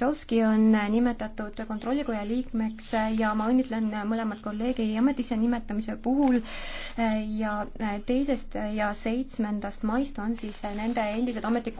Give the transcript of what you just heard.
Tšovski on nimetatud kontrollikoja liikmeks ja ma õnnitlen mõlemat kolleegi ametisse nimetamise puhul ja teisest ja seitsmendast maist on siis nende endised ametikohad